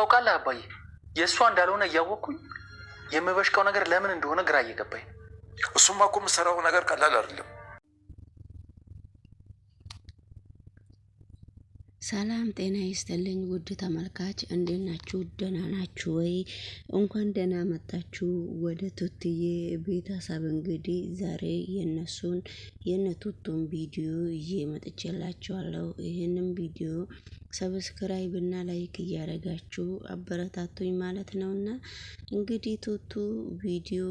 ታውቃለህ አባዬ፣ የእሷ እንዳልሆነ እያወቅኩኝ የምበሽቀው ነገር ለምን እንደሆነ ግራ እየገባኝ ነው። እሱማ እኮ ነገር ቀላል አይደለም። ሰላም ጤና ይስጥልኝ ውድ ተመልካች፣ እንዴት ናችሁ? ደህና ናችሁ ወይ? እንኳን ደህና መጣችሁ ወደ ቱትዬ ቤተሰብ። እንግዲህ ዛሬ የነሱን የነ ቱቱን ቪዲዮ ይዤ መጥቼላችኋለሁ። ይህንም ቪዲዮ ሰብስክራይብ እና ላይክ እያደረጋችሁ አበረታቱኝ ማለት ነውና እንግዲህ ቱቱ ቪዲዮ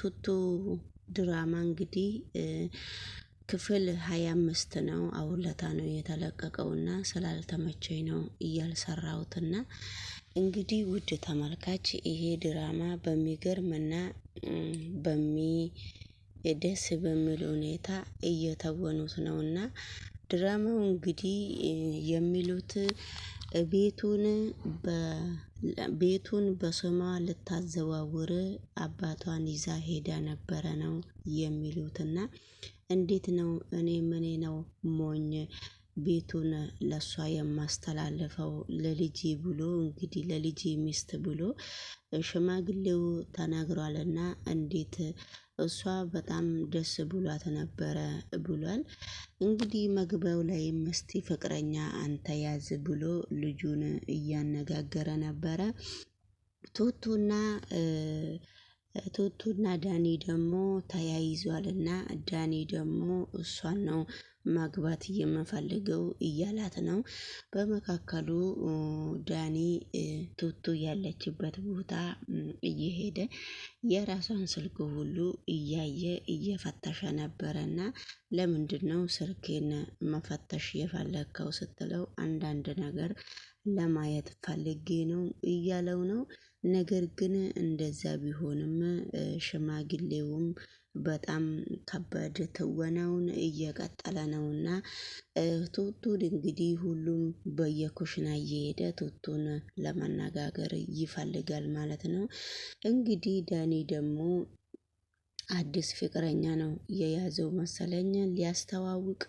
ቱቱ ድራማ እንግዲህ ክፍል ሀያ አምስት ነው አውለታ ነው የተለቀቀውና ስላልተመቸኝ ነው እና እንግዲህ ውድ ተመልካች ይሄ ድራማ በሚገርምና በሚ ደስ በሚል ሁኔታ እየተወኑት ነውና ድራማው እንግዲህ የሚሉት ቤቱን ቤቱን በስሟ ልታዘዋውር አባቷን ይዛ ሄዳ ነበረ ነው የሚሉትና እንዴት ነው እኔ ምኔ ነው ሞኝ ቤቱን ለሷ የማስተላልፈው ለልጅ ብሎ እንግዲህ ለልጅ ሚስት ብሎ ሽማግሌው ተናግሯልና እንዴት እሷ በጣም ደስ ብሏት ነበረ ብሏል። እንግዲህ መግቢያው ላይም እስቲ ፍቅረኛ አንተ ያዝ ብሎ ልጁን እያነጋገረ ነበረ። ቱቱና ቱቱና ዳኒ ደግሞ ተያይዟል እና ዳኒ ደግሞ እሷን ነው ማግባት የምፈልገው እያላት ነው። በመካከሉ ዳኒ ቱቱ ያለችበት ቦታ እየሄደ የራሷን ስልክ ሁሉ እያየ እየፈተሸ ነበረና ለምንድን ነው ስልኬን መፈተሽ የፈለግከው ስትለው አንዳንድ ነገር ለማየት ፈልጌ ነው እያለው ነው። ነገር ግን እንደዛ ቢሆንም ሽማግሌውም በጣም ከባድ ትወናውን እየቀጠለ ነውና ቱቱን እንግዲህ ሁሉም በየኩሽና እየሄደ ቱቱን ለማነጋገር ይፈልጋል ማለት ነው። እንግዲህ ዳኒ ደግሞ አዲስ ፍቅረኛ ነው የያዘው መሰለኝ ሊያስተዋውቅ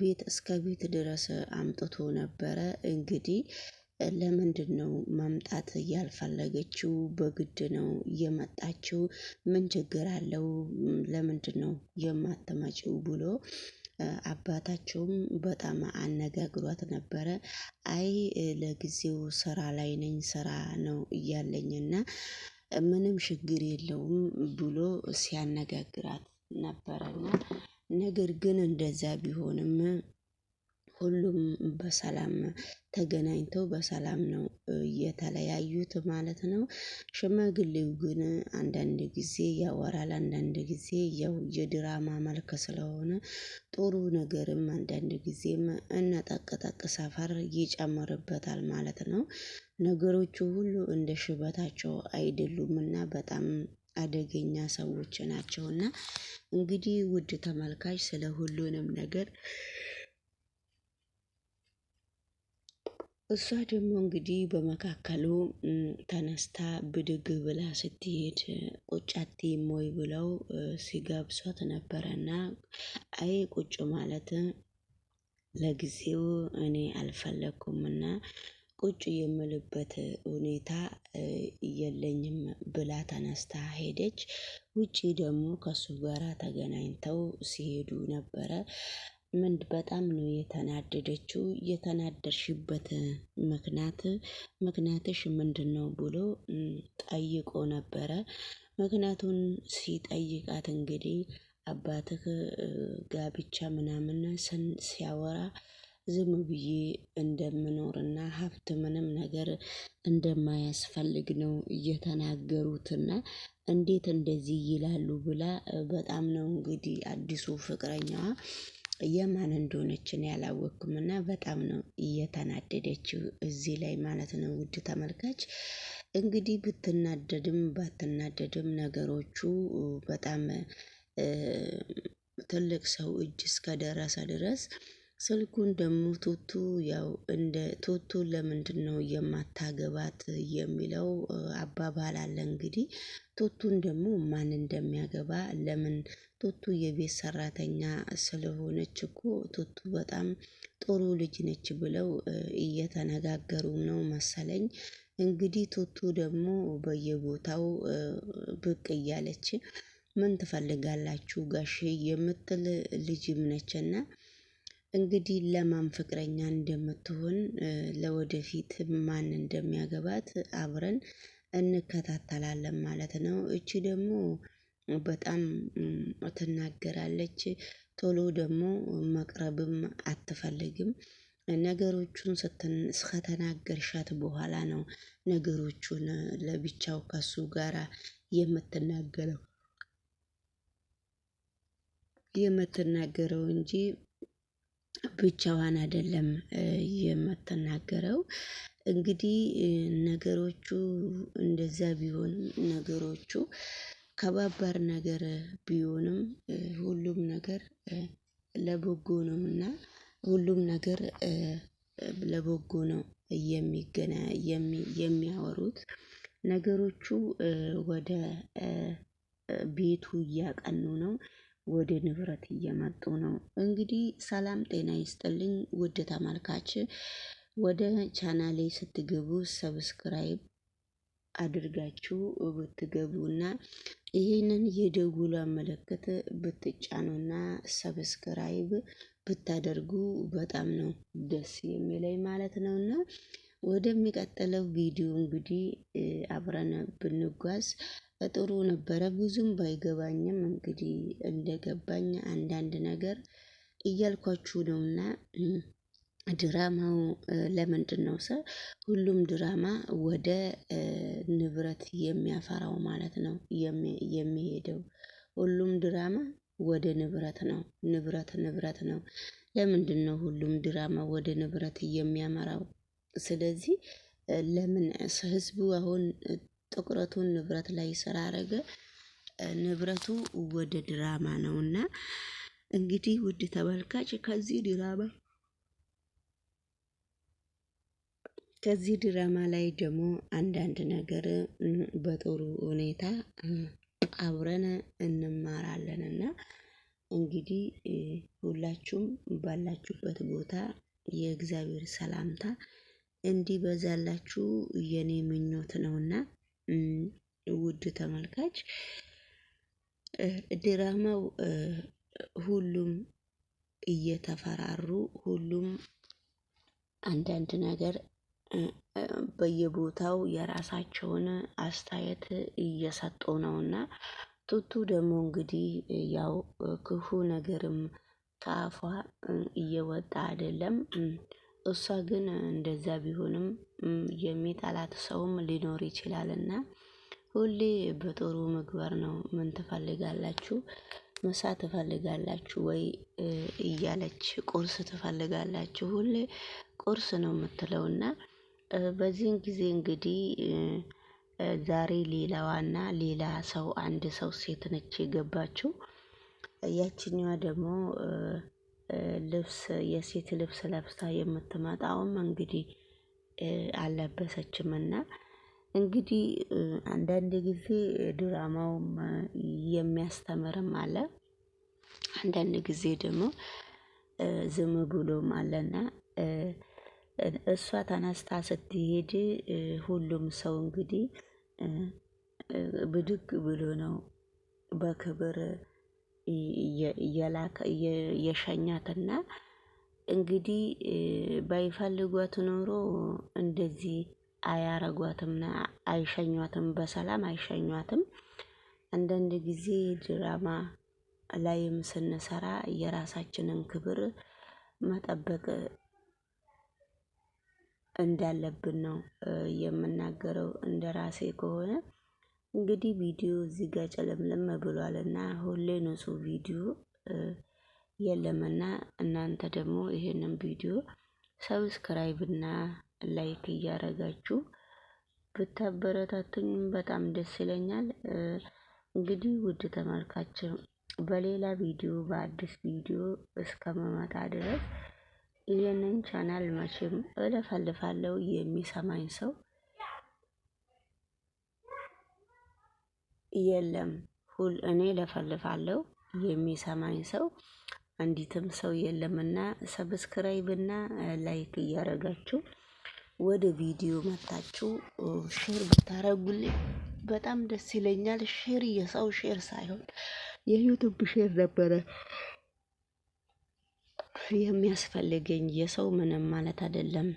ቤት እስከ ቤት ድረስ አምጥቶ ነበረ እንግዲህ ለምንድነው መምጣት ያልፈለገችው? በግድ ነው የመጣችው? ምን ችግር አለው? ለምንድነው የማትመጪው? ብሎ አባታቸውም በጣም አነጋግሯት ነበረ። አይ ለጊዜው ስራ ላይ ነኝ ስራ ነው እያለኝ እና ምንም ችግር የለውም ብሎ ሲያነጋግራት ነበረና ነገር ግን እንደዛ ቢሆንም ሁሉም በሰላም ተገናኝተው በሰላም ነው የተለያዩት ማለት ነው። ሽማግሌው ግን አንዳንድ ጊዜ ያወራል አንዳንድ ጊዜ ያው የድራማ መልክ ስለሆነ ጥሩ ነገርም አንዳንድ ጊዜም እነ ሰፈር ይጨምርበታል ማለት ነው። ነገሮቹ ሁሉ እንደ ሽበታቸው እና በጣም አደገኛ ሰዎች ናቸውና። እንግዲህ ውድ ተመልካች ስለ ሁሉንም ነገር እሷ ደግሞ እንግዲህ በመካከሉ ተነስታ ብድግ ብላ ስትሄድ ቁጫቴም ወይ ብለው ሲጋብሷት ነበረና አይ ቁጭ ማለት ለጊዜው እኔ እና ቁጭ የምልበት ሁኔታ የለኝም ብላ ተነስታ ሄደች። ውጪ ደግሞ ከሱ ጋራ ተገናኝተው ሲሄዱ ነበረ። ምን በጣም ነው የተናደደችው የተናደርሽበት ምክንያት ምክንያትሽ ምንድን ነው ብሎ ጠይቆ ነበረ። ምክንያቱን ሲጠይቃት እንግዲህ አባትህ ጋብቻ ምናምን ሲያወራ ዝም ብዬ እንደምኖርና ሀብት ምንም ነገር እንደማያስፈልግ ነው እየተናገሩትና እንዴት እንደዚህ ይላሉ ብላ በጣም ነው እንግዲህ አዲሱ ፍቅረኛዋ የማን እንደሆነች ያላወቅኩም እና በጣም ነው እየተናደደችው እዚህ ላይ ማለት ነው። ውድ ተመልካች እንግዲህ ብትናደድም ባትናደድም ነገሮቹ በጣም ትልቅ ሰው እጅ እስከደረሰ ድረስ ስልኩን ደግሞ ቱቱ ያው እንደ ቱቱ ለምንድነው የማታገባት የሚለው አባባል አለ እንግዲህ ቱቱን ደግሞ ማን እንደሚያገባ ለምን ቱቱ የቤት ሰራተኛ ስለሆነች እኮ ቱቱ በጣም ጥሩ ልጅ ነች ብለው እየተነጋገሩ ነው መሰለኝ። እንግዲህ ቱቱ ደግሞ በየቦታው ብቅ እያለች ምን ትፈልጋላችሁ ጋሼ የምትል ልጅም ነችና እንግዲህ ለማን ፍቅረኛ እንደምትሆን ለወደፊት ማን እንደሚያገባት አብረን እንከታተላለን ማለት ነው። እቺ ደግሞ በጣም ትናገራለች። ቶሎ ደግሞ መቅረብም አትፈልግም። ነገሮቹን ከተናገርሻት በኋላ ነው ነገሮቹን ለብቻው ከሱ ጋራ የምትናገረው የምትናገረው እንጂ ብቻዋን አይደለም የምትናገረው። እንግዲህ ነገሮቹ እንደዛ ቢሆንም ነገሮቹ ከባባር ነገር ቢሆንም ሁሉም ነገር ለበጎ ነውና ሁሉም ነገር ለበጎ ነው የሚገና የሚያወሩት ነገሮቹ ወደ ቤቱ እያቀኑ ነው ወደ ንብረት እየመጡ ነው። እንግዲህ ሰላም ጤና ይስጥልኝ ውድ ተመልካች፣ ወደ ቻናሌ ስትገቡ ሰብስክራይብ አድርጋችሁ ብትገቡና ይህንን የደውሉ ምልክት ብትጫኑና ሰብስክራይብ ብታደርጉ በጣም ነው ደስ የሚለኝ ማለት ነው እና ወደሚቀጥለው ቪዲዮ እንግዲህ አብረን ብንጓዝ ጥሩ ነበረ ብዙም ባይገባኝም እንግዲህ እንደገባኝ አንዳንድ ነገር እያልኳችሁ ነውና። ድራማው ነው ሰ ሁሉም ድራማ ወደ ንብረት የሚያፈራው ማለት ነው የሚሄደው ሁሉም ድራማ ወደ ንብረት ነው ንብረት ንብረት ነው። ለምንድነው ሁሉም ድራማ ወደ ንብረት የሚያመራው? ስለዚህ ለምን ህዝቡ አሁን ጥቁረቱን ንብረት ላይ ስላደረገ ንብረቱ ወደ ድራማ ነውና እንግዲህ ውድ ተመልካች ከዚህ ድራማ ከዚህ ድራማ ላይ ደግሞ አንዳንድ ነገር በጥሩ ሁኔታ አብረን እንማራለን እና እንግዲህ ሁላችሁም ባላችሁበት ቦታ የእግዚአብሔር ሰላምታ እንዲበዛላችሁ የኔ ምኞት ነውና ውድ ተመልካች ድራማው ሁሉም እየተፈራሩ ሁሉም አንዳንድ ነገር በየቦታው የራሳቸውን አስተያየት እየሰጡ ነው እና ቱቱ ደግሞ እንግዲህ ያው ክፉ ነገርም ከአፏ እየወጣ አይደለም። እሷ ግን እንደዛ ቢሆንም የሚጠላት ሰውም ሊኖር ይችላል እና ሁሌ በጥሩ ምግባር ነው ምን ትፈልጋላችሁ? ምሳ ትፈልጋላችሁ ወይ? እያለች ቁርስ ትፈልጋላችሁ? ሁሌ ቁርስ ነው የምትለውና በዚህን ጊዜ እንግዲህ ዛሬ ሌላዋና ሌላ ሰው አንድ ሰው ሴት ነች የገባችው። ያችኛዋ ደግሞ ልብስ የሴት ልብስ ለብሳ የምትመጣውም እንግዲህ አለበሰችም እና እንግዲህ አንዳንድ ጊዜ ድራማውም የሚያስተምርም አለ። አንዳንድ ጊዜ ደግሞ ዝም ብሎም አለና እሷ ተነስታ ስትሄድ ሁሉም ሰው እንግዲህ ብድግ ብሎ ነው በክብር የላከ የሸኛትና እንግዲህ ባይፈልጓት ኖሮ እንደዚህ አያረጓትም፣ አይሸኟትም፣ በሰላም አይሸኟትም። አንዳንድ ጊዜ ድራማ ላይም ስንሰራ የራሳችንን ክብር መጠበቅ እንዳለብን ነው የምናገረው እንደ ራሴ ከሆነ እንግዲህ ቪዲዮ እዚህ ጋር ጨለምለም ብሏል እና ሁሌ ንጹ ቪዲዮ የለምና እናንተ ደግሞ ይሄንን ቪዲዮ ሰብስክራይብ እና ላይክ እያደረጋችሁ ብታበረታቱኝም በጣም ደስ ይለኛል። እንግዲህ ውድ ተመልካች በሌላ ቪዲዮ በአዲስ ቪዲዮ እስከመመጣ ድረስ ይህንን ቻናል መቼም እለፈልፋለሁ የሚሰማኝ ሰው የለም ሁል እኔ ለፈልፋለሁ የሚሰማኝ ሰው አንዲትም ሰው የለምና ሰብስክራይብና ላይክ እያደረጋችሁ ወደ ቪዲዮ መታችሁ ሼር ብታረጉልኝ በጣም ደስ ይለኛል። ሼር የሰው ሼር ሳይሆን የዩቱብ ሼር ነበረ የሚያስፈልገኝ። የሰው ምንም ማለት አይደለም።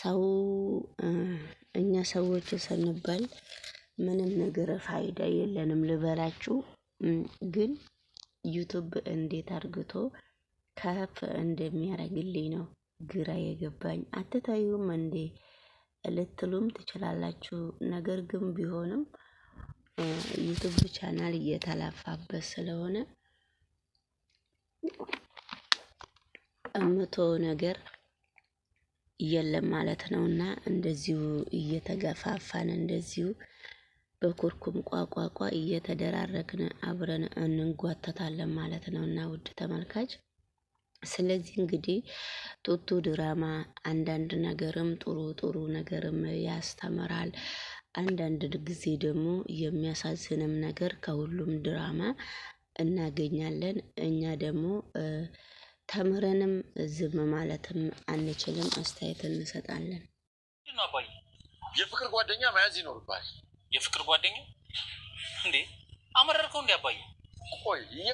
ሰው እኛ ሰዎች ስንባል ምንም ነገር ፋይዳ የለንም ልበላችሁ። ግን ዩቱብ እንዴት አርግቶ ከፍ እንደሚያደርግልኝ ነው ግራ የገባኝ። አትታዩም እንዴ ልትሉም ትችላላችሁ። ነገር ግን ቢሆንም ዩቱብ ቻናል እየተላፋበት ስለሆነ እምቶ ነገር የለም ማለት ነው እና እንደዚሁ እየተገፋፋን እንደዚሁ በኩርኩም ቋቋቋ እየተደራረግን አብረን እንጓተታለን ማለት ነው። እና ውድ ተመልካች ስለዚህ እንግዲህ ቱቱ ድራማ አንዳንድ ነገርም ጥሩ ጥሩ ነገርም ያስተምራል። አንዳንድ ጊዜ ደግሞ የሚያሳዝንም ነገር ከሁሉም ድራማ እናገኛለን። እኛ ደግሞ ተምረንም ዝም ማለትም አንችልም፣ አስተያየት እንሰጣለን። የፍቅር ጓደኛ መያዝ ይኖርባል። የፍቅር ጓደኛ እንዴ? አመረርከው እንዲያባይ ቆይ